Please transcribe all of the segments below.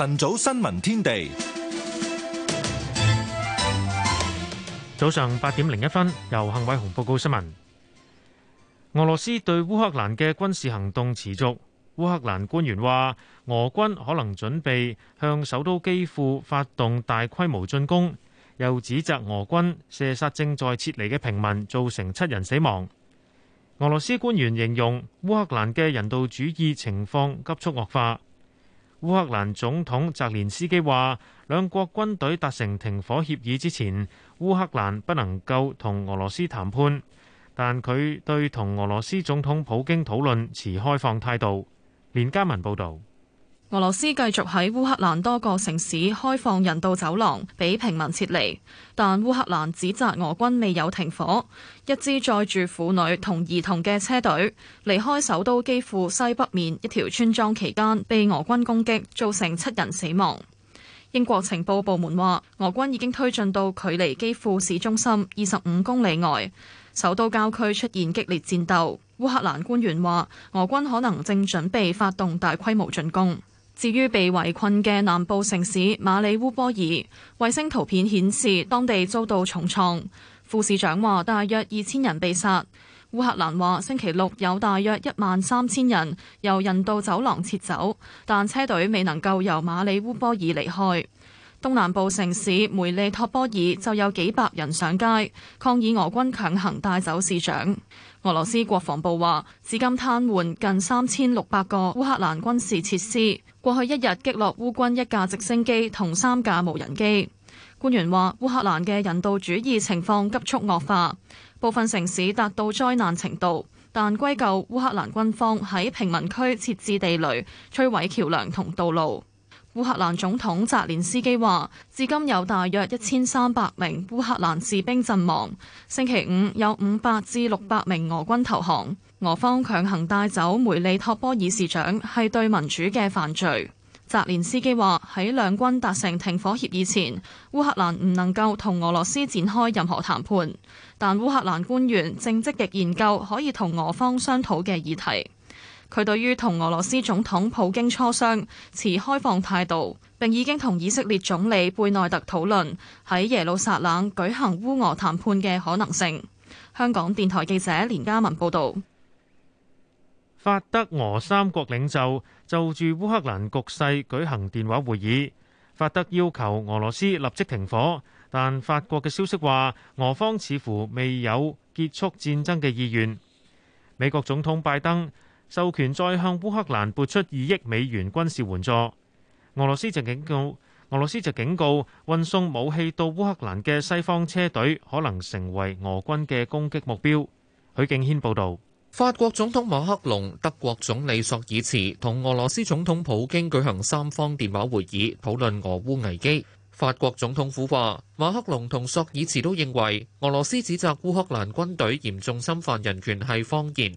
晨早新聞天地，早上八點零一分，由幸偉雄報告新聞。俄羅斯對烏克蘭嘅軍事行動持續，烏克蘭官員話俄軍可能準備向首都基輔發動大規模進攻，又指責俄軍射殺正在撤離嘅平民，造成七人死亡。俄羅斯官員形容烏克蘭嘅人道主義情況急速惡化。烏克蘭總統澤連斯基話：兩國軍隊達成停火協議之前，烏克蘭不能夠同俄羅斯談判，但佢對同俄羅斯總統普京討論持開放態度。連家文報道。俄羅斯繼續喺烏克蘭多個城市開放人道走廊，俾平民撤離，但烏克蘭指責俄軍未有停火。一支載住婦女同兒童嘅車隊離開首都基輔西北面一條村莊期間，被俄軍攻擊，造成七人死亡。英國情報部門話，俄軍已經推進到距離基輔市中心二十五公里外，首都郊區出現激烈戰鬥。烏克蘭官員話，俄軍可能正準備發動大規模進攻。至於被圍困嘅南部城市馬里烏波爾，衛星圖片顯示當地遭到重創。副市長話，大約二千人被殺。烏克蘭話，星期六有大約一萬三千人由人道走廊撤走，但車隊未能夠由馬里烏波爾離開。東南部城市梅利托波爾就有幾百人上街抗議俄軍強行帶走市長。俄羅斯國防部話，至今癱瘓近三千六百個烏克蘭軍事設施。過去一日擊落烏軍一架直升機同三架無人機。官員話，烏克蘭嘅人道主義情況急速惡化，部分城市達到災難程度，但歸咎烏克蘭軍方喺平民區設置地雷、摧毀橋梁同道路。烏克蘭總統澤連斯基話，至今有大約一千三百名烏克蘭士兵陣亡。星期五有五百至六百名俄軍投降，俄方強行帶走梅利托波爾市長，係對民主嘅犯罪。澤連斯基話，喺兩軍達成停火協議前，烏克蘭唔能夠同俄羅斯展開任何談判，但烏克蘭官員正積極研究可以同俄方商討嘅議題。佢對於同俄羅斯總統普京磋商持開放態度，並已經同以色列總理貝內特討論喺耶路撒冷舉行烏俄談判嘅可能性。香港電台記者連嘉文報導，法德俄三國領袖就住烏克蘭局勢舉行電話會議，法德要求俄羅斯立即停火，但法國嘅消息話俄方似乎未有結束戰爭嘅意願。美國總統拜登授權再向烏克蘭撥出二億美元軍事援助。俄羅斯就警告，俄羅斯就警告，運送武器到烏克蘭嘅西方車隊可能成為俄軍嘅攻擊目標。許敬軒報導。法國總統馬克龍、德國總理朔爾茨同俄羅斯總統普京舉行三方電話會議，討論俄烏危機。法國總統府話，馬克龍同朔爾茨都認為，俄羅斯指責烏克蘭軍隊嚴重侵犯人權係謊言。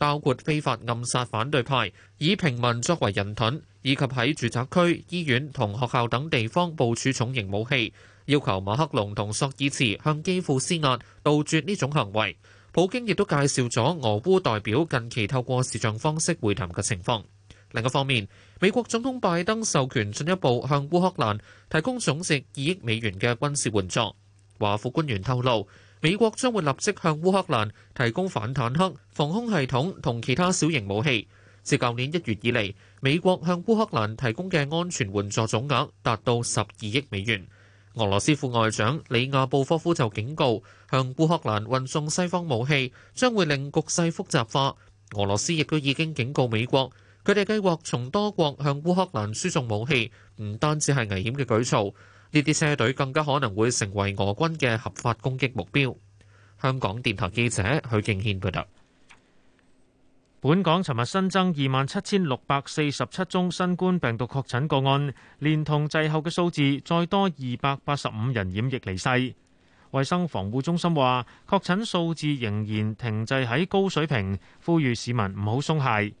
包括非法暗殺反對派、以平民作為人盾，以及喺住宅區、醫院同學校等地方部署重型武器，要求馬克龍同索爾茨向基輔施壓，杜絕呢種行為。普京亦都介紹咗俄烏代表近期透過視像方式會談嘅情況。另一方面，美國總統拜登授權進一步向烏克蘭提供總值二億美元嘅軍事援助。華府官員透露，美國將會立即向烏克蘭提供反坦克防空系統同其他小型武器。自舊年一月以嚟，美國向烏克蘭提供嘅安全援助總額達到十二億美元。俄羅斯副外長里亞布科夫就警告，向烏克蘭運送西方武器將會令局勢複雜化。俄羅斯亦都已經警告美國，佢哋計劃從多國向烏克蘭輸送武器，唔單止係危險嘅舉措。呢啲車隊更加可能會成為俄軍嘅合法攻擊目標。香港電台記者許敬軒報導。本港尋日新增二萬七千六百四十七宗新冠病毒確診個案，連同滯後嘅數字，再多二百八十五人染疫離世。衛生防護中心話，確診數字仍然停滯喺高水平，呼籲市民唔好鬆懈。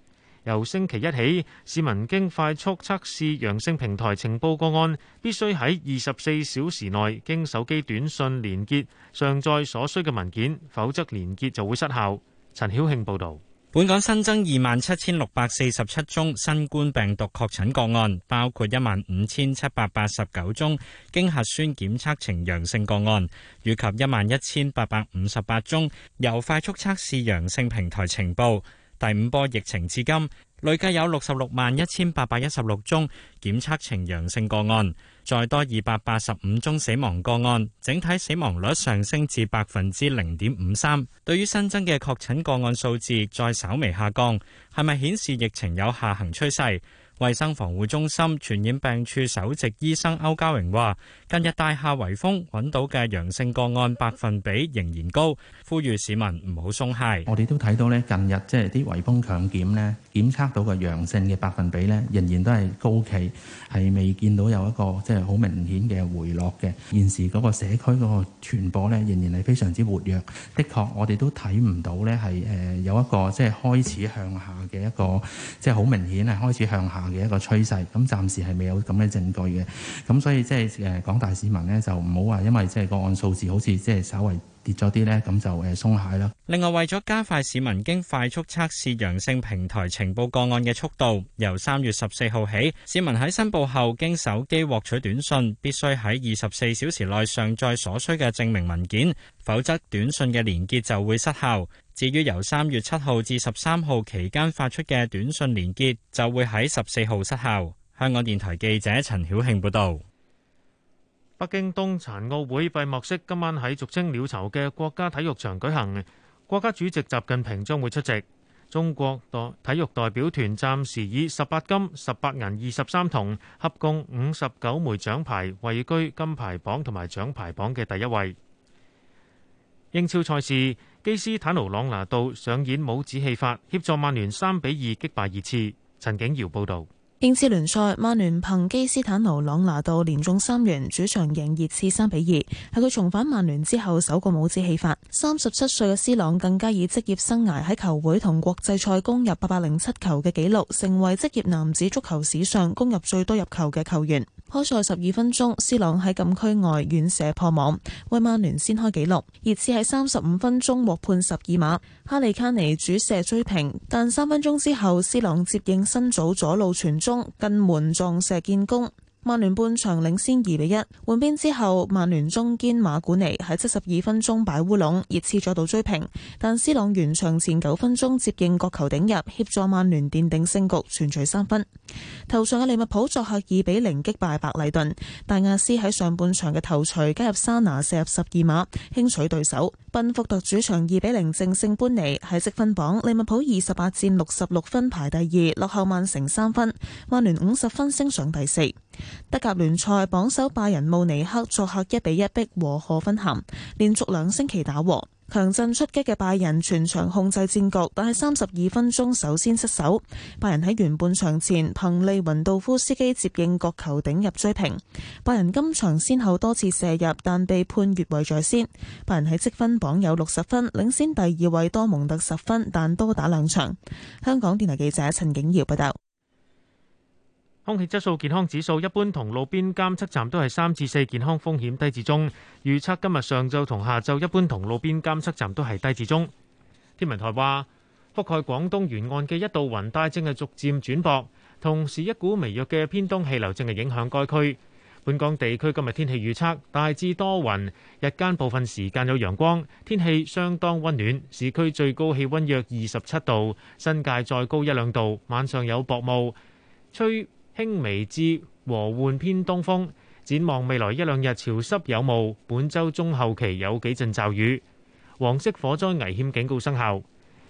由星期一起，市民經快速測試陽性平台呈報個案，必須喺二十四小時內經手機短信連結上載所需嘅文件，否則連結就會失效。陳曉慶報導。本港新增二萬七千六百四十七宗新冠病毒確診個案，包括一萬五千七百八十九宗經核酸檢測呈陽性個案，以及一萬一千八百五十八宗由快速測試陽性平台呈報。第五波疫情至今，累計有六十六萬一千八百一十六宗檢測呈陽性個案，再多二百八十五宗死亡個案，整體死亡率上升至百分之零點五三。對於新增嘅確診個案數字再稍微下降，係咪顯示疫情有下行趨勢？衛生防護中心傳染病處首席醫生歐家榮話，近日大廈圍封揾到嘅陽性個案百分比仍然高，呼籲市民唔好鬆懈。我哋都睇到咧，近日即係啲圍封強檢咧，檢測到嘅陽性嘅百分比咧，仍然都係高企，係未見到有一個即係好明顯嘅回落嘅。現時嗰個社區嗰個傳播呢，仍然係非常之活躍。的確，我哋都睇唔到呢係誒有一個即係開始向下嘅一個，即係好明顯係開始向下。嘅一個趨勢，咁暫時係未有咁嘅證據嘅，咁所以即係誒廣大市民咧就唔好話因為即係個案數字好似即係稍微跌咗啲咧，咁就誒鬆懈啦。另外，為咗加快市民經快速測試陽性平台呈報個案嘅速度，由三月十四號起，市民喺申報後經手機獲取短信，必須喺二十四小時內上載所需嘅證明文件，否則短信嘅連結就會失效。至於由三月七號至十三號期間發出嘅短信連結，就會喺十四號失效。香港電台記者陳曉慶報導。北京冬殘奧會閉幕式今晚喺俗稱鳥巢嘅國家體育場舉行，國家主席習近平將會出席。中國代體育代表團暫時以十八金、十八銀、二十三銅，合共五十九枚獎牌，位居金牌榜同埋獎牌榜嘅第一位。英超賽事。基斯坦奴朗拿度上演帽子戲法，協助曼聯三比二擊敗熱刺。陳景堯報道：英超聯賽，曼聯憑基斯坦奴朗拿度連中三元，主場贏熱刺三比二，係佢重返曼聯之後首個帽子戲法。三十七歲嘅斯朗更加以職業生涯喺球會同國際賽攻入八百零七球嘅紀錄，成為職業男子足球史上攻入最多入球嘅球員。開賽十二分鐘，斯朗喺禁區外遠射破網，為曼聯先開紀錄。熱刺喺三十五分鐘獲判十二碼，哈利卡尼主射追平，但三分鐘之後，斯朗接應新祖左路傳中，近門撞射建功。曼聯半場領先二比一，換邊之後，曼聯中堅馬古尼喺七十二分鐘擺烏龍，熱刺再度追平。但斯朗完場前九分鐘接應角球頂入，協助曼聯奠定勝局，全取三分。頭上嘅利物浦作客二比零擊敗白禮頓，戴亞斯喺上半場嘅頭槌加入沙拿射入十二碼，輕取對手。賓福特主場二比零正勝班尼，喺積分榜利物浦二十八戰六十六分排第二，落後曼城三分。曼聯五十分升上第四。德甲聯賽榜首拜仁慕尼克作客一比一逼和賀芬咸，連續兩星期打和。強陣出擊嘅拜仁全場控制戰局，但係三十二分鐘首先失守。拜仁喺完半場前，憑利雲道夫斯基接應角球頂入追平。拜仁今場先後多次射入，但被判越位在先。拜仁喺積分榜有六十分，領先第二位多蒙特十分，但多打兩場。香港電台記者陳景瑤報道。空氣質素健康指數一般同路邊監測站都係三至四，健康風險低至中，預測今日上晝同下晝一般同路邊監測站都係低至中。天文台話，覆蓋廣東沿岸嘅一道雲帶正係逐漸轉薄，同時一股微弱嘅偏東氣流正係影響該區。本港地區今日天氣預測，大致多雲，日間部分時間有陽光，天氣相當溫暖，市區最高氣温約二十七度，新界再高一兩度，晚上有薄霧，吹輕微至和緩偏東風，展望未來一兩日潮濕有霧。本周中後期有幾陣驟雨。黃色火災危險警告生效。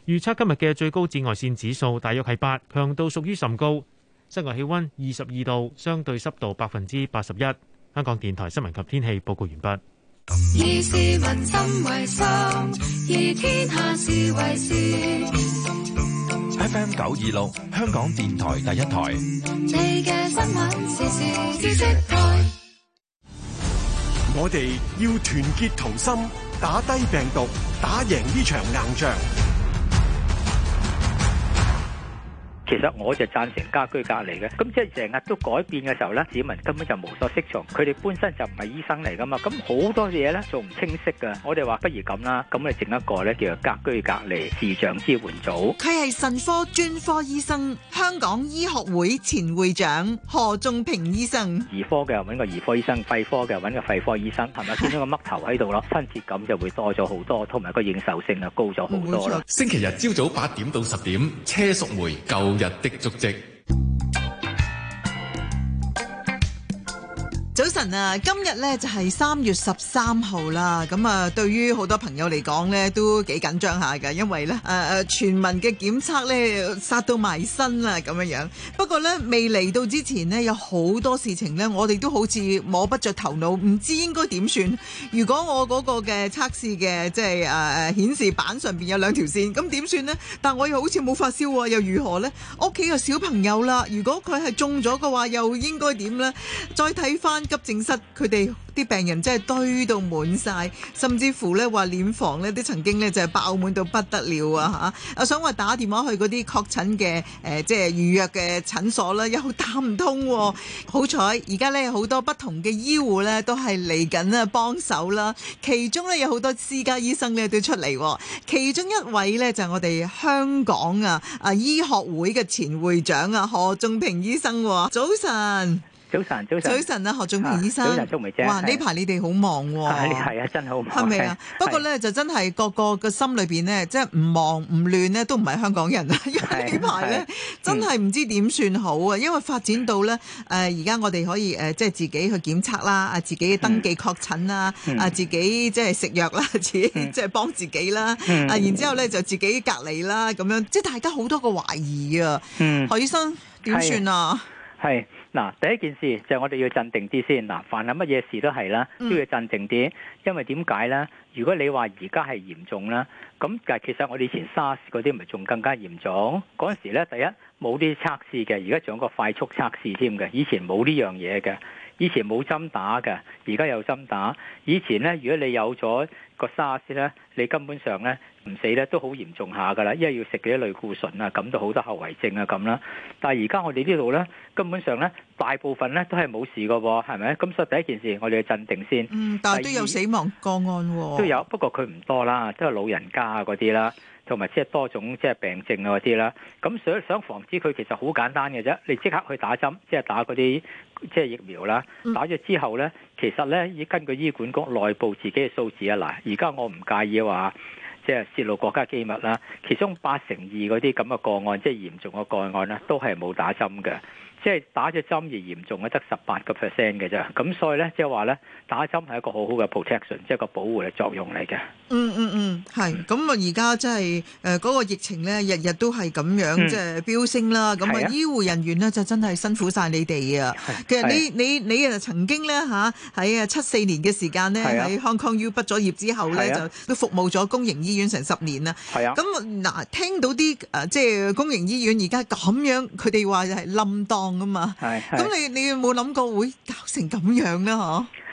預測今日嘅最高紫外線指數大約係八，強度屬於甚高。室外氣温二十二度，相對濕度百分之八十一。香港電台新聞及天氣報告完畢。FM 九二六，香港電台第一台。 我哋要團結同心，打低病毒，打贏呢場硬仗。其實我就贊成家居隔離嘅，咁即係成日都改變嘅時候咧，市民根本就無所適從，佢哋本身就唔係醫生嚟噶嘛，咁好多嘢咧做唔清晰噶。我哋話不如咁啦，咁你整一個咧叫做家居隔離視像支援組。佢係腎科專科醫生，香港醫學會前會長何仲平醫生。兒科嘅揾個兒科醫生，肺科嘅揾個肺科醫生，係咪先一個嘜頭喺度咯？親切 感就會多咗好多，同埋個認受性啊高咗好多啦。錯星期日朝早八點到十點，車淑梅舊日的足跡。啊！今日咧就係三月十三號啦，咁啊，對於好多朋友嚟講咧都幾緊張下噶，因為咧誒誒，全民嘅檢測咧殺到埋身啦咁樣樣。不過咧未嚟到之前呢，有好多事情呢，我哋都好似摸不着頭腦，唔知應該點算。如果我嗰個嘅測試嘅即係誒誒顯示板上邊有兩條線，咁點算呢？但我又好似冇發燒，又如何呢？屋企有小朋友啦，如果佢係中咗嘅話，又應該點呢？再睇翻急。病室，佢哋啲病人真係堆到滿晒，甚至乎咧話殮房咧啲曾經咧就係爆滿到不得了啊吓！又想話打電話去嗰啲確診嘅誒，即係預約嘅診所啦，又好打唔通。啊、好彩而家咧好多不同嘅醫護咧都係嚟緊啊幫手啦，其中咧有好多私家醫生咧都出嚟、啊。其中一位咧就係、是、我哋香港啊啊醫學會嘅前會長啊何仲平醫生。啊、早晨。早晨，早晨。早晨啊，何仲平醫生。早晨，祝你精。哇，呢排你哋好忙喎。係係啊，真係好忙。係咪啊？不過咧，就真係個個個心裏邊咧，即係唔忙唔亂咧，都唔係香港人啊。因為呢排咧，真係唔知點算好啊。因為發展到咧，誒，而家我哋可以誒，即係自己去檢測啦，啊，自己登記確診啦，啊，自己即係食藥啦，自己即係幫自己啦，啊，然之後咧就自己隔離啦，咁樣，即係大家好多個懷疑啊。嗯。何醫生點算啊？係。嗱，第一件事就係我哋要鎮定啲先。嗱，凡係乜嘢事都係啦，都要鎮定啲。因為點解咧？如果你話而家係嚴重啦，咁但係其實我哋以前 SARS 嗰啲咪仲更加嚴重嗰陣時咧？第一冇啲測試嘅，而家仲有個快速測試添嘅。以前冇呢樣嘢嘅，以前冇針打嘅，而家有針打。以前咧，如果你有咗個 SARS 咧，你根本上咧。唔死咧都好嚴重下噶啦，因為要食嗰啲類固醇啊，咁就好多後遺症啊咁啦。但係而家我哋呢度咧，根本上咧大部分咧都係冇事㗎喎，係咪？咁所以第一件事我哋要鎮定先。嗯，但係二都有死亡個案喎、哦。都有，不過佢唔多啦，即係老人家啊嗰啲啦，同埋即係多種即係、就是、病症啊嗰啲啦。咁想想防止佢其實好簡單嘅啫，你即刻去打針，即、就、係、是、打嗰啲即係疫苗啦。嗯、打咗之後咧，其實咧根據醫管局內部自己嘅數字啊，嗱，而家我唔介意話。即係洩露國家機密啦，其中八成二嗰啲咁嘅個案，即係嚴重嘅個案啦，都係冇打針嘅。即係打隻針而嚴重嘅得十八個 percent 嘅啫，咁所以咧即係話咧打針係一個好好嘅 protection，即係個保護嘅作用嚟嘅。嗯嗯嗯，係。咁啊而家即係誒嗰個疫情咧，日日都係咁樣即係飆升啦。咁啊醫護人員咧就真係辛苦晒你哋啊。其實你你你啊曾經咧嚇喺啊七四年嘅時間咧喺 Hong Kong U 畢咗業之後咧，就都服務咗公營醫院成十年啦。係啊。咁嗱聽到啲誒即係公營醫院而家咁樣，佢哋話係冧檔。啊嘛，咁你你有冇諗過會搞成咁樣啊？嗬？